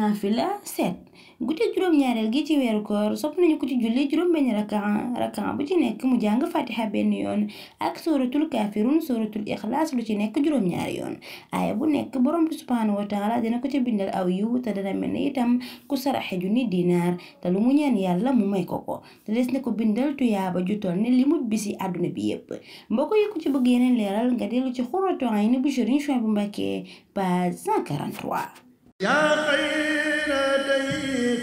naafila seet guddi juróom-ñaareel gi ci weeru koor sopp nañu ko ci juróom-benn rakaan rakaan bu ci nekk mu jàng fatiha benn yoon ak sóoratul kaafiruun sóoratul ixlaas lu ci nekk juróom-ñaari yoon aaya bu nekk borom bi subhaanahu wa taala dina ko ci bindal aw yiw te dana mel ni itam ku saraxe junni dinaar te lu mu ñaan yàlla mu may ko ko te des na ko bindal tuyaaba ju toll ne li mu bisi àdduna bi yépp mbokk yi ku ci bëgg yeneen leeral nga dellu ci Xurratu Ayni bu Sëriñ Suwaybu Mbakke page 143